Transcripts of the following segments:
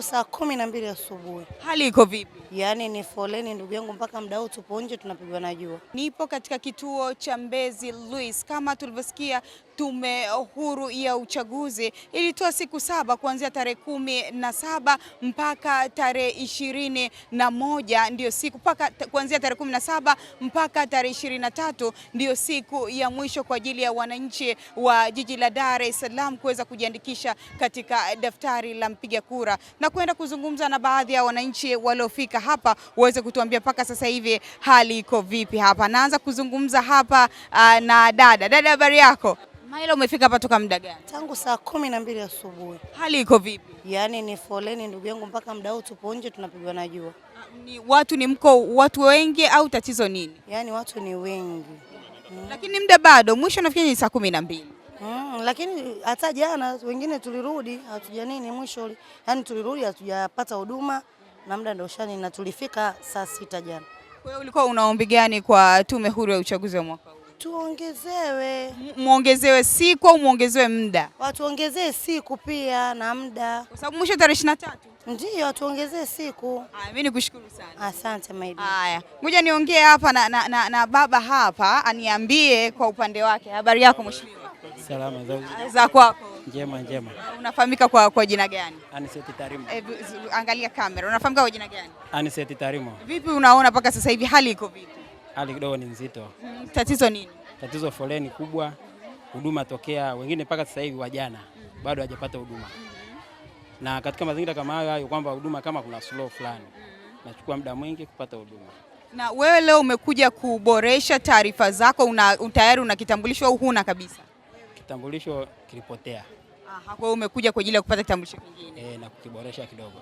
Saa kumi na mbili asubuhi. Hali iko vipi? Yaani ni foleni ndugu yangu, mpaka muda huu tupo nje tunapigwa na jua. Nipo katika kituo cha Mbezi Luis, kama tulivyosikia Tume Huru ya Uchaguzi ilitoa siku saba kuanzia tarehe kumi na saba mpaka tarehe ishirini na moja ndio siku mpaka kuanzia tarehe kumi na saba mpaka tarehe ishirini na tatu ndio siku ya mwisho kwa ajili ya wananchi wa jiji la Dar es Salaam kuweza kujiandikisha katika daftari la mpiga kura, na kwenda kuzungumza na baadhi ya wananchi waliofika hapa waweze kutuambia mpaka sasa hivi hali iko vipi hapa. Naanza kuzungumza hapa uh, na dada dada, habari yako? Maila, umefika hapa toka muda gani? Tangu saa kumi na mbili asubuhi. Hali iko vipi? Yaani ni foleni ndugu yangu, mpaka muda huu tupo nje tunapigwa na jua. Ah, ni watu ni mko watu wengi au tatizo nini? Yaani watu ni wengi mm. Lakini muda bado, mwisho nafikia ni saa kumi na mbili mm, lakini hata jana wengine tulirudi hatuja nini mwisho, yaani tulirudi hatujapata huduma na muda ndio shani na tulifika saa sita jana. Kwa hiyo ulikuwa unaombi gani kwa Tume Huru ya Uchaguzi wa mwaka huu? tuongezewe, muongezewe siku au muongezewe muda? Watuongezee siku pia na muda, kwa sababu mwisho tarehe 23 ndio watuongezee siku. Mimi nikushukuru sana, asante my dear. Haya, ngoja niongee hapa na, na, na, na baba hapa aniambie kwa upande wake. Habari yako mheshimiwa? Salama za za kwako? Njema, njema. Unafahamika kwa, kwa jina gani? Aniseti Tarimo. E, angalia kamera. Unafahamika kwa jina gani? Aniseti Tarimo. Vipi unaona mpaka sasa hivi hali iko vipi? hali kidogo ni nzito. Mm, tatizo nini? Tatizo foleni kubwa, huduma tokea wengine mpaka sasa hivi wajana bado hajapata huduma, na katika mazingira kama hayo hayo kwamba huduma kama kuna slow fulani, nachukua muda mwingi kupata huduma. Na wewe leo umekuja kuboresha taarifa zako, una tayari una kitambulisho au huna kabisa? Kitambulisho kilipotea. Aha, kwa hiyo umekuja kwa ajili ya kupata kitambulisho kingine. Eh, na kukiboresha kidogo.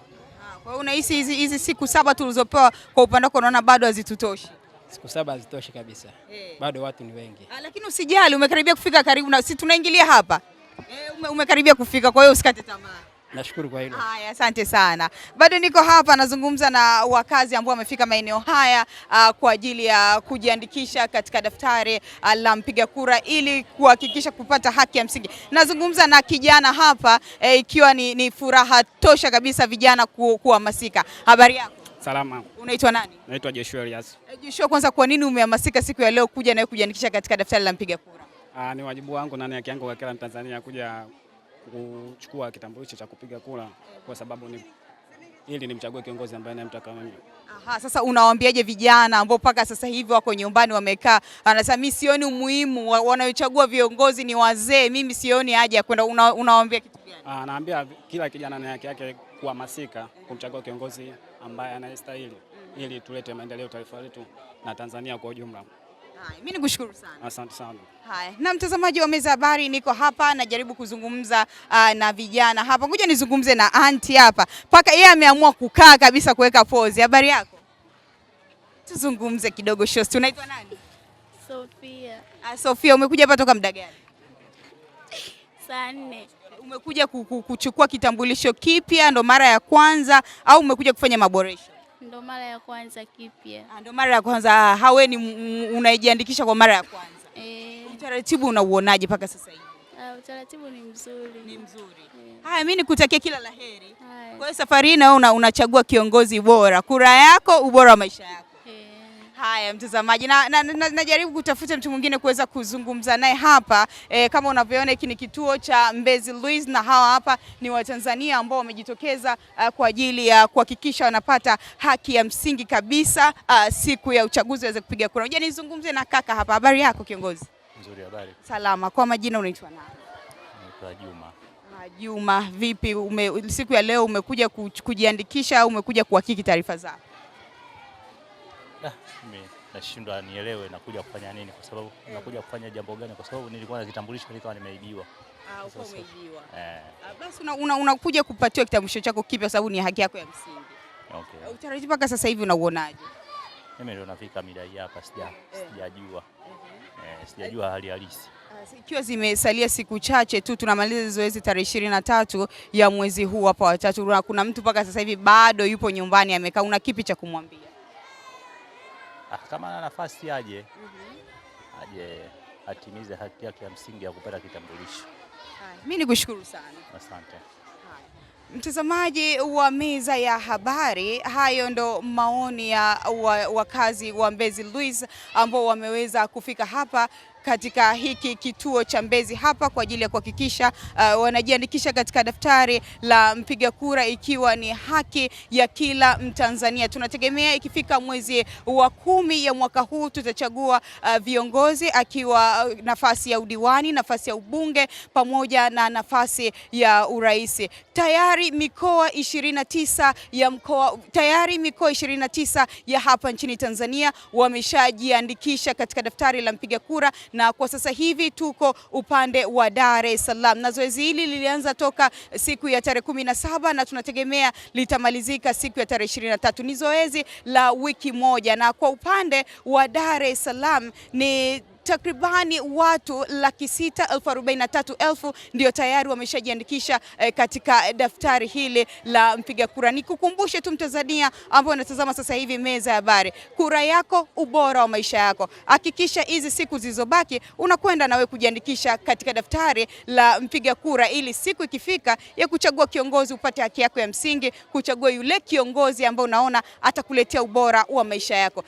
Ah, kwa hiyo unahisi hizi siku saba tulizopewa kwa upande wako unaona bado hazitutoshi? siku saba hazitoshi kabisa hey. Eh. Bado watu ni wengi ah, lakini usijali, umekaribia kufika karibu na si tunaingilia hapa hey, eh, ume, umekaribia kufika, kwa hiyo usikate tamaa. Nashukuru kwa hilo. Haya, asante sana. Bado niko hapa nazungumza na wakazi ambao wamefika maeneo haya uh, kwa ajili ya kujiandikisha katika daftari uh, la mpiga kura ili kuhakikisha kupata haki ya msingi. Nazungumza na kijana hapa eh, ikiwa ni, ni furaha tosha kabisa vijana ku, kuhamasika. Habari yako? Salama. Unaitwa nani? Naitwa Joshua Elias. Eh, Joshua, kwanza kwa nini umehamasika siku ya leo kuja na kujiandikisha katika daftari la mpiga kura? Aa, ah, ni wajibu wangu na ni haki yangu kwa kila Mtanzania kuja kuchukua kitambulisho cha kupiga kura kwa sababu ni ili nimchague kiongozi ambaye namtaka mimi. Aha, sasa unawaambiaje vijana ambao mpaka sasa hivi wako nyumbani wamekaa, anasema mimi sioni umuhimu, wanaochagua viongozi ni wazee, mimi sioni haja ya kwenda, unawaambia kitu gani? Ah, naambia kila kijana na yake yake kuhamasika kumchagua kiongozi ambaye anayestahili ili tulete maendeleo taifa letu na Tanzania kwa ujumla. Mimi nikushukuru sana. Asante sana. Haya, na mtazamaji wa Meza Habari, niko hapa najaribu kuzungumza uh, na vijana hapa. Ngoja nizungumze na anti hapa, mpaka yeye ameamua kukaa kabisa kuweka pose. Habari yako? Tuzungumze kidogo shosti. Unaitwa nani? Sofia. Ah, Sofia, umekuja hapa toka muda gani? Saa nne. Umekuja kuchukua kitambulisho kipya ndo mara ya kwanza au umekuja kufanya maboresho? Ndo mara ya kwanza kipya. Ah, ndo mara ya kwanza hawe ah, ni unaijiandikisha kwa mara ya kwanza e. Utaratibu unauonaje mpaka sasa hivi? Ah, utaratibu ni mzuri. Ni mzuri. Eh. Haya, yeah. Mimi nikutakia kila la heri. Kwa hiyo safari hii na wewe unachagua kiongozi bora, kura yako, ubora wa maisha yako. Haya mtazamaji, najaribu na, na, na kutafuta mtu mwingine kuweza kuzungumza naye hapa e, kama unavyoona hiki ni kituo cha Mbezi Luis na hawa hapa ni Watanzania ambao wamejitokeza uh, kwa ajili ya kuhakikisha wanapata haki ya msingi kabisa uh, siku ya uchaguzi waweze kupiga kura. Unajua, nizungumze na kaka hapa. Habari yako kiongozi? Nzuri, habari. Salama. Kwa majina unaitwa nani? Naitwa Juma. Juma, vipi ume, siku ya leo umekuja kujiandikisha au umekuja kuhakiki taarifa zako? Ah, mimi nashindwa nielewe nakuja kufanya nini, kwa sababu mm. nakuja kufanya jambo gani? Kwa sababu nilikuwa na kitambulisho nikawa nimeibiwa. Ah, uko umeibiwa. Eh. Ah, basi unakuja kupatiwa kitambulisho chako kipya sababu ni haki yako ya msingi. Okay. Ah, utaratibu mpaka sasa hivi unauonaje? Mimi ndio nafika midai hapa sija eh, sijajua. Mhm. Eh, sijajua hali halisi. Ikiwa zimesalia siku chache tu tunamaliza zoezi tarehe ishirini na tatu ya mwezi huu hapa watatu, kuna mtu mpaka sasa hivi bado yupo nyumbani amekaa, una kipi cha kumwambia? Ah, kama ana nafasi aje, mm -hmm. aje atimize haki yake ya msingi ya kupata kitambulisho. Mimi nikushukuru sana. Asante. Mtazamaji wa meza ya habari, hayo ndo maoni ya wakazi wa, wa Mbezi Luis ambao wameweza kufika hapa katika hiki kituo cha Mbezi hapa kwa ajili ya kuhakikisha uh, wanajiandikisha katika daftari la mpiga kura, ikiwa ni haki ya kila Mtanzania. Tunategemea ikifika mwezi wa kumi ya mwaka huu tutachagua uh, viongozi, akiwa uh, nafasi ya udiwani, nafasi ya ubunge pamoja na nafasi ya urais. Tayari mikoa 29 ya mkoa tayari mikoa 29 ya hapa nchini Tanzania wameshajiandikisha katika daftari la mpiga kura na kwa sasa hivi tuko upande wa Dar es Salaam, na zoezi hili lilianza toka siku ya tarehe kumi na saba na tunategemea litamalizika siku ya tarehe ishirini na tatu. Ni zoezi la wiki moja, na kwa upande wa Dar es Salaam ni takribani watu laki sita elfu arobaini na tatu elfu ndio tayari wameshajiandikisha eh, katika daftari hili la mpiga kura. Nikukumbushe tu Mtanzania ambao unatazama sasa hivi meza ya habari, kura yako ubora wa maisha yako. Hakikisha hizi siku zilizobaki unakwenda nawe kujiandikisha katika daftari la mpiga kura, ili siku ikifika ya kuchagua kiongozi upate haki yako ya msingi, kuchagua yule kiongozi ambao unaona atakuletea ubora wa maisha yako.